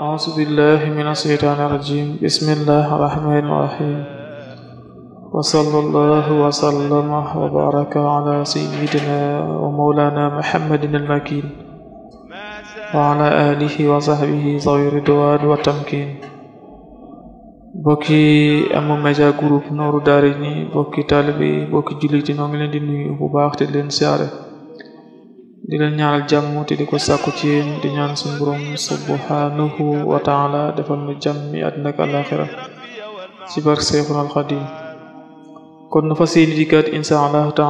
أعوذ بالله من الشيطان الرجيم بسم الله الرحمن الرحيم وصلى الله وسلم وبارك على سيدنا ومولانا محمد المكين وعلى آله وصحبه ذوي الرضوان والتمكين bokki Amu Media Group Nourou Darayni bokki taalibe bokki jullit yi noo ngi leen di nuyu bu baax te leen siyaare di leen ñaanal jàmm te ko sàkku ci yéen di ñaan suñ borom subhanahu wa taala defal nu jàmmi àddina ak àlaxira ci barke Seexul Xadim kon nu fas yéene dikkaat insha allahu boo xam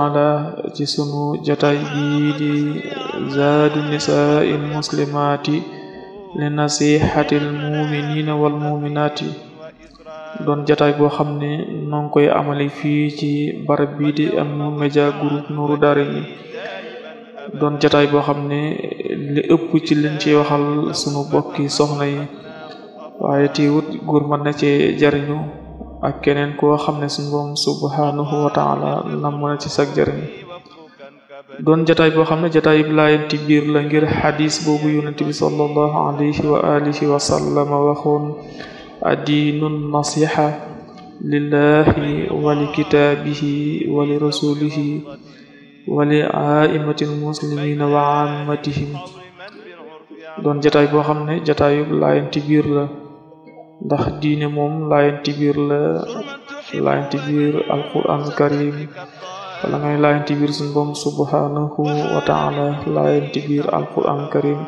ne noo ngi fii ci barab bii di am doon jataay boo xam ne li ëpp ci liñ ci waxal sunu bokki soxna yi waaye teewut góor mën na ci jariñu ak keneen koo xam ne suñu boom subhanahu wa taala nam a ci sag jariñu doon jataay boo xam ne jataay bi laayanti biir la ngir xadis boobu yonent bi sallallahu alayhi wa alihi wa sallama waxoon addiinun nasiha lillahi wa li kitaabihi wa li wali aimatil muslimina wa ammatihim doon jataay boo xam ne jataayu laayanti biir la ndax diine moom laayanti biir la laayanti biir alquran karim wala ngay laayanti biir suñ boom subhanahu wa taala laayanti biir alquran karim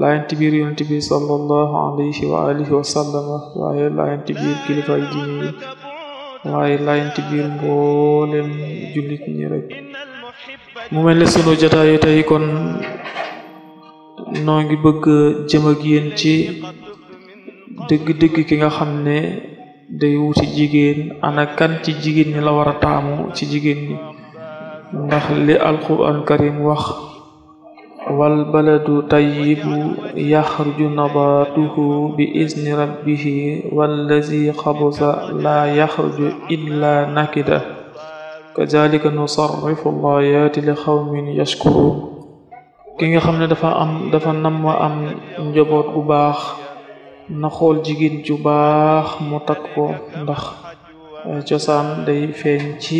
laayanti biir yonent bi sallallahu alayhi wa alihi wa sallama waaye laayanti biir kilifay diine yi waaye laayanti biir mboolem jullit rek mu mel ne sunu jotaayu tey kon noo ngi bëgg jëm ak ci dëgg-dëgg ki nga xam ne day wuti jigéen ana ci jigéen ñi la war a taamu ci jigéen ñi ndax li alquran karim wax wal baladu tayyibu yaxruju nabatuhu bi izni rabbihi wallazi xabusa laa yaxruju illa nakida kazalika nusarrifu layaati li xawmin yashkurun ki nga xam ne dafa am dafa nam ma am njaboot bu baax na xool jigéen ju baax mu takk ko ndax eh, cosaan day feeñ ci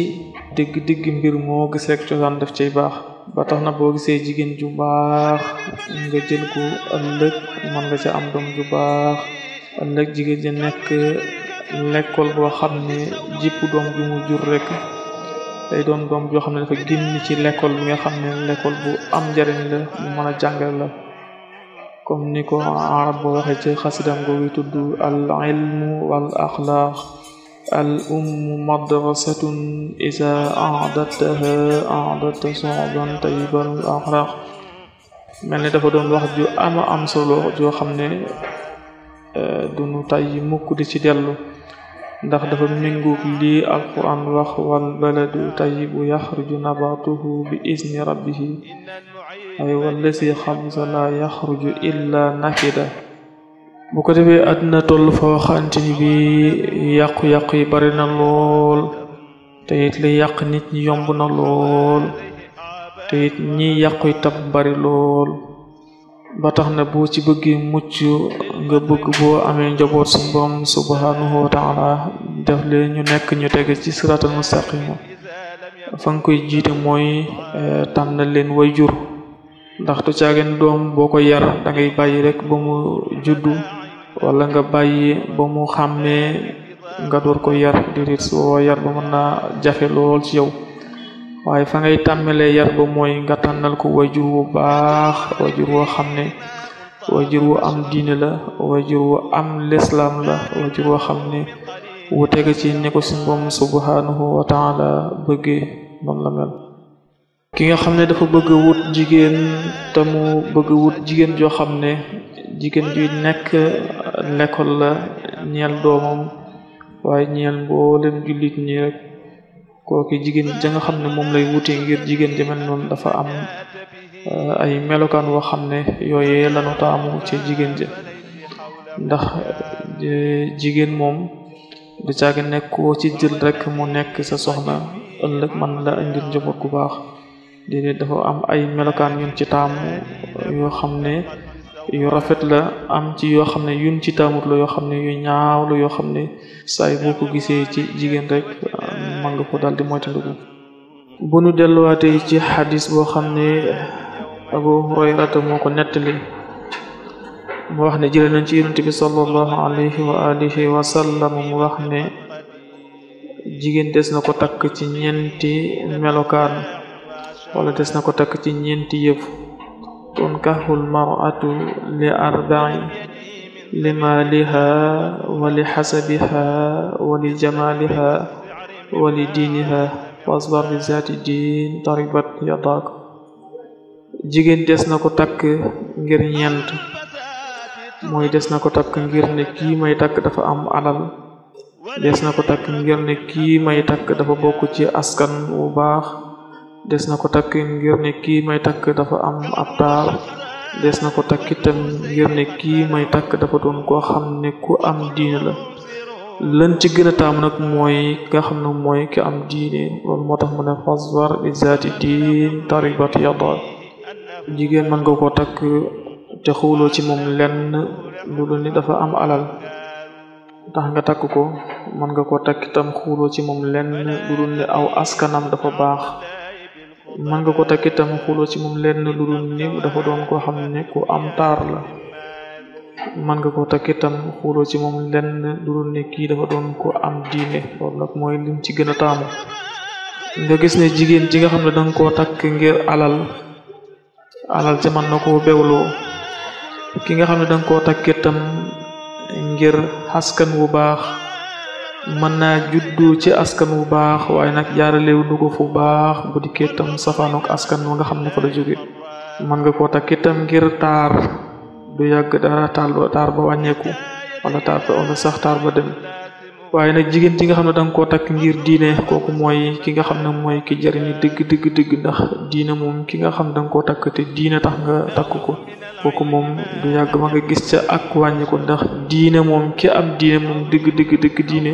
digg digg mbir moo gisee ak cosaan def cay baax ba tax na boo gisee jigéen ju baax nga jël ko ëllëg mën nga ca am doom ju baax ëllëg jigéen ja nekk lekkool boo xam ne jipp doom jur rek day doon doom yoo xam ne dafa génn ci l'école bi nga xam ne l'école bu am njariñ la bu mën a la comme ni ko arab bo waxe ci xasidam googu tudd al ilmu wal axlaaq al ummu madrasatun isa adataha ni dafa doon wax am solo joo xam ne euh, du nu tàyyi mukk di ci dellu ndax dafa méngoog lii alquran wax wal baladu tayibu yaxruju nabatuhu bi isni rabbihi ay wallasi xamsa la yaxruju illa nakida bu ko defee àddina toll foo xante bi yàqu-yàqu yi bari na lool te it li yàq nit ñi yomb na lool te it ñi yàqu itam bari lool ba tax na boo ci bëggee mucc nga bëgg boo amee njaboot suñ borom subhanahu wa taala def leen ñu nekk ñu tege ci siratal mustaqima fa nga koy jiite mooy eh, tànn leen way jur ndax tu caageen doom boo ko yar dangay ngay rek ba mu juddu wala nga bàyyi ba mu xàmmee nga door ko yar déedéet soo yar ba mën naa jafe lool ci yow waaye fa ngay tàmmalee yar ba mooy nga tànnal ko wajur wu baax wajur woo xam ne wajur wu am diine la wajur wu am lislaam la wajur woo xam ne wu ci ni ko suñu Boroom subhanahu wa taala bëggee noonu la mel ki nga xam ne dafa bëgg wut jigéen te mu wut jigéen joo xam ne jigéen ji nekk l'école la ñeel doomam waaye ñeel mboolem jullit ñi kooku jigéen ja nga xam ne moom lay wute ngir jigéen ji mel noonu dafa am euh, ay melokaan woo xam ne yooyee lanu taamu ci jigéen ja ndax euh, jigéen moom du caagi nekk koo ci jël rek mu nekk sa soxna man la indil njaboot gu baax déedéet dafa am ay melokaan yun ci taamu euh, yoo xam ne yu rafet la am ci yoo xam ne yun ci taamut la yoo xam yoo xam ne saay boo ko gisee ci jigéen rek man nga ko daal di moytandiku bu nu delluwaatee ci xadis boo xam ne abu hurayrata moo ko nettali mu wax ne jële nañ ci yonent bi sallallahu alayhi wa alihi wa sallam mu wax ne jigéen des na ko takk ci ñeenti melokaan wala des na ko takk ci ñeenti yëf tunkahul mar'atu li arba'in li maaliha wa li xasabiha wa li jamaaliha wali diiniha wasbar bi zaati diin taribat yataak jigéen des na ko takk ngir mooy des na ko takk ngir ne kii may takk dafa am alal des na ko takk ngir ne kii may takk dafa bokk ci askan wu baax des na ko takk ngir ne kii may takk dafa am ab taar des na ko takk itam ngir ne kii may takk dafa doon koo xam ne ku am diine la lan ci gën a nag mooy ka nga xam ne mooy ki am diine loolu moo tax mu ne fasbar bi zaati diin taribat yada jigéen mën nga koo takk te xawloo ci moom lenn lu dul ni dafa am alal tax nga takk ko mën nga ko takk tam xawloo moom lenn aw askanam dafa baax mën nga ko takk itam xawloo ci moom lenn lu dul ni dafa doon koo xam ne ku am taar la man nga ko takk itam xuloo ci moom lenn lu dul ne kii dafa doon ko am diine loolu nag mooy lim ci gën a taamu nga gis ne jigéen ji nga xam ne danga koo takk ngir alal alal ci mën koo bewloo ki nga xam ne danga koo takk itam ngir askan wu baax mën naa juddu ci askan wu baax waaye nag jaaralewu du ko fu baax bu dikkee itam askan wu nga xam ne fa la jóge mën nga koo takk ngir taar du yàgg dara taal ba taar ba wàññeeku wala taar ba wala sax taar ba dem waaye nag jigéen ji nga xam ne danga ko takk ngir diine kooku mooy ki nga xam ne mooy ki jariñu dëgg dëgg dëgg ndax diine moom ki nga xam danga koo takk te diine tax nga takk ko kooku moom du yàgg ma nga gis ca ak wàññi ko ndax diine moom ki am diine moom digg dëgg dëgg diine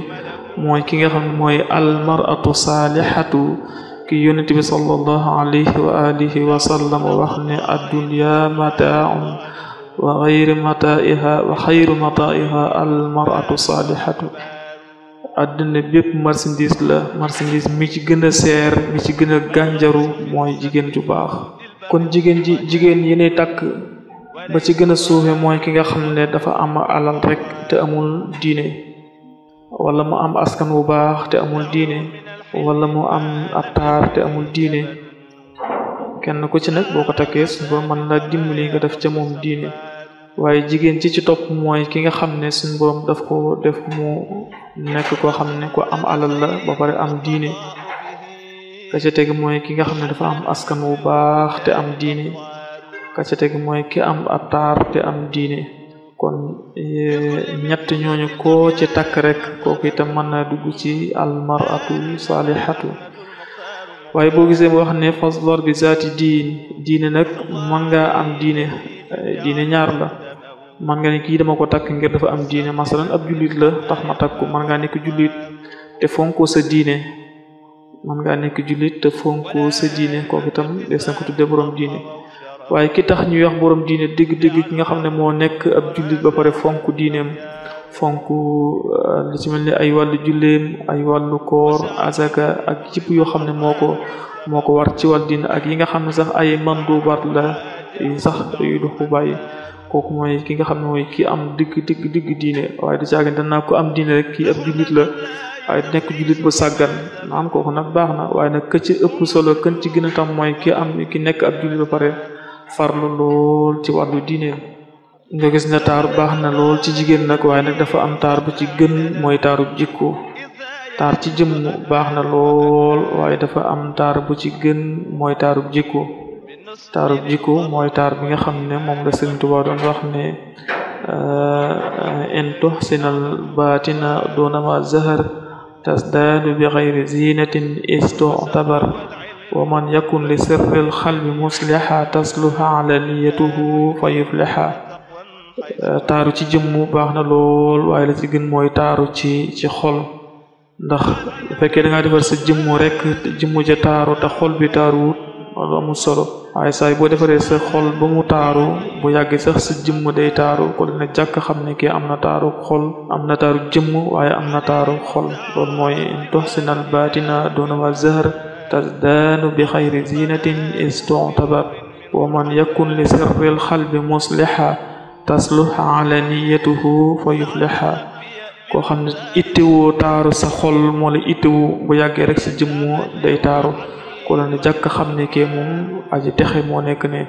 mooy ki nga xam ne mooy almaratu saalihatu ki yonent bi sallallahu alayhi wa alihi wa sallam wax ne addunya mataaun wa xayri mataa'iha wa xayru mataa'iha bépp marchandise la marchandise mi ci gën a seer mi ci gën gànjaru mooy jigéen ju baax kon jigéen ji jigéen yi ni takk ba ci gën a suufe mooy ki nga xam ne dafa am alal rek te amul diine wala mu am askan wu baax te amul diine wala mu am ab taar te amul diine kenn ku ci nekk boo ko takkee suñ borom mën la dimbali nga def ca moom diine waaye jigéen ci ci topp mooy ki nga xam ne suñ borom daf ko def mu nekk koo xam ne ko am alal la ba pare am diine ka ca teg mooy ki nga xam ne dafa am askan wu baax te am diine ka ca mooy ki am ab taar te am diine kon eh, ñett ñooñu ko ci takk rek kooku itam mën na dugg ci almaratu salihatu waaye boo gisee mu wax ne fasdar bi zaati diin diine nag man nga am diine eh, diine ñaar la man nga ne kii dama ko takk ngir dafa am diine masalan ab jullit la tax ma takk ko man ngaa nekk jullit te fonko sa diine man te fonkoo sa diine kooku itam des na ko tudde borom diine waaye ki tax ñuy wax borom diine dëgg-dëgg ki nga xam ne moo nekk ab jullit ba pare fonk diineem fonk euh, lu ci mel ni ay wàllu julleem ay wàllu koor azaka ak yëpp yoo xam ne moo ko moo ko war ci wàll diin ak yi nga xam ne sax ay mandubaat la yu sax yu du ko kooku mooy ki nga xam ne mooy ki am digg digg digg diine waaye du caagin naa ko am diine kii ab jullit la waaye nekk jullit bu sàggan naam kooku nag baax na waaye nag ka ci ëpp solo kën ci gën a tam mooy ki am ki nekk ab jullit ba pare farlu lool ci wàllu diineem nga gis ne taaru baax na lool ci jigéen nag waaye nag dafa am taar bu ci gën mooy taaru jikko taar ci jëmm baax na lool dafa am taar bu ci gën mooy taaru jikko taarub jikko mooy taar bi nga xam ne moom la Sëriñ Tuubaa doon wax ne in tuxsinal baatina doonama zahar tasdaadu bi xayri zinatin istu'tabar wa man yakun li sirril xalbi musliha tasluha ala niyatuhu fa yufliha Eh, taaru ci jëmm baax na lool waaye la ci mooy taaru ci ci xool ndax bu fekkee da ngaa defar sa jëmm rek jëmm ja taaru te xool bi taaru loolu amul solo saay boo defaree sa xol ba mu taaru bu yàggee sax sa jëmm day taaru ko dina jàkk xam ne kii am na taaru xol am na taaru jëmm waaye am na taaru xol loolu mooy toxsinal baatina doona wa zahr tazdaanu bi xayri zinatin istotabat wa man yakun li sirril xalbi musliha taslux alaniyatuhu fa yufliha koo xam ne ittewoo taaru sa xol moo la bu yàggee rek sa jëmmoo day taaru ko la ne jàkk xam ne kee moom aji texe moo nekk ne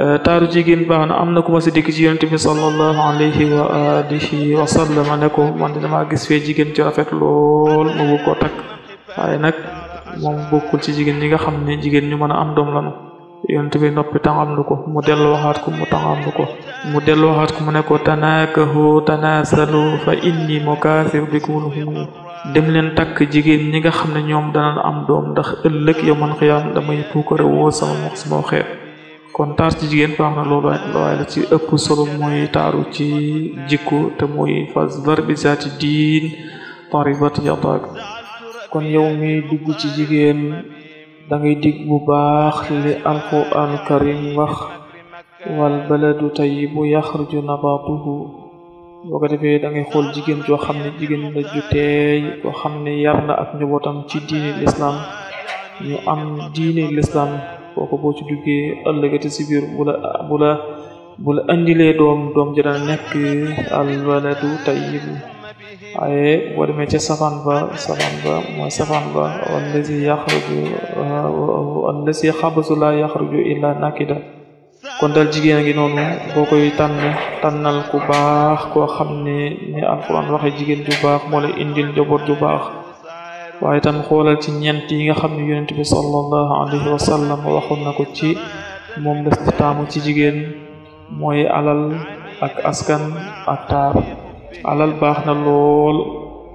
euh, taaru jigéen baax na am na ku ma si dikk ci yonente bi dama gis fee jigéen ci rafet lool ma bëgg koo takk waaye nag moom bokkul ci jigéen ñi nga xam ne jigéen ñu mën a am doom lanu yonent bi noppi tàngamlu ko mu dellu waxaat ko mu tàngamlu ko mu dellu waxaat ko mu ne ko tanaakahu tanaasalu fa inni mukaasir bikumul humuum dem leen takk jigéen ñi nga xam ne ñoom danañ am doom ndax ëllëg yawmal qiyaam damay puukare woo sama mox sama xeet kon taar ci jigéen baax na loolu waaye la ci ëpp mooy taaru ci jikko te mooy ba bi zaati diin taribat yadaak kon yow mi dugg ci jigéen da ngay dig bu baax li alquran karim wax wal baladu tayyibu yaxruju nabatuhu boo ko defee da ngay xool jigéen joo xam ne jigéen la ju teey xam ne yar na ak njabootam ci diine lislaam ñu am diine lislaam kooku boo ci duggee ëllëgati si biir bu la bu la bu indilee doom doom ji dana nekk al baladu tayyibu waaye boo demee ca safaan ba safaan ba mooy safaan ba wallazi yaxruju wallazi xabasu la yaxruju illa nakida kon daal jigéen a ngi noonu boo koy tan tànnal ku baax koo xam ne ni alquran waxe jigéen ju baax moo la indil njaboot ju baax waaye tam xoolal ci ñent yi nga xam ne yonent bi sallallahu alayhi wa sallam waxoon na ko ci moom la taamu ci jigéen mooy alal ak askan ak taar alal baax na lool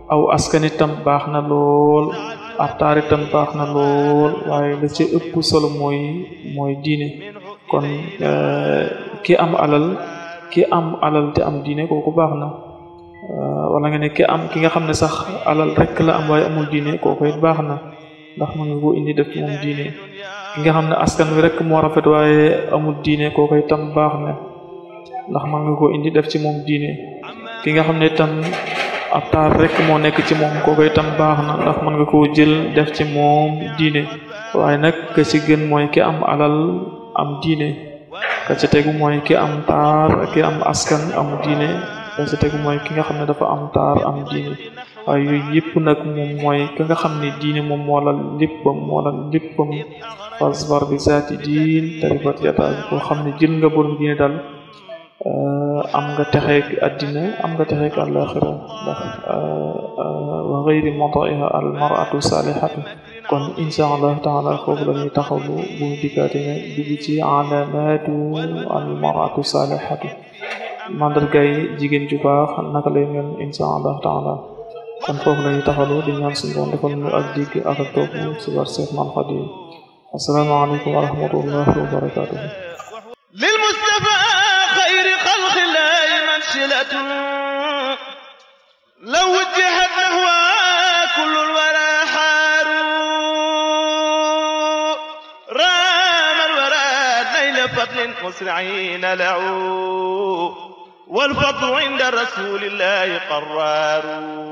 aw askan baax na lool ab taar itam baax na lool waaye la ci ëpp solo mooy mooy diine kon eh, ki am alal ki am alal te am diine kooku baax na eh, wala nga ne am ki nga xam ne sax alal rekk la am waaye amul diine kooku it baax na ndax mën nga ko indi def moom ki nga xam ne askan wi rekk moo rafet waaye amul diine kooku itam baax na ndax mën nga ko indi def ci moom diine ki nga xam ne itam ab taar rek moo nekk ci moom kooku itam baax na ndax mën nga koo jël def ci moom diine waaye nag ka ci gën mooy ki am alal am diine ka ci tegu mooy ki am taar ki am askan am diine ka ci tegu mooy ki nga xam ne dafa am taar am diine waaye yooyu yëpp nag moom mooy ka nga xam ne diine moom moo la léppam moo la léppam fasbar bi zaati diin tarifat yataay koo xam ne jël nga borom diine daal Euh, am nga texeeg addina am nga texeeg àlaxira ndax euh, euh, wa gayri madaaiha al maratu salihatu kon insha allah taala foofu la ñuy taxaw bu bu dikkaate ne dugg ci alamatu al maratu salihatu mandargay jigéen ju baax naka lay mel insha allah taala kon foofu la ñuy taxalu di ñaan suñu borom defal ñu ak digg ak ak topp si war وسيلة لو وجهت نحوها كل الورى حار رام الورى نيل فضل مسرعين لعو والفضل عند رسول الله قرار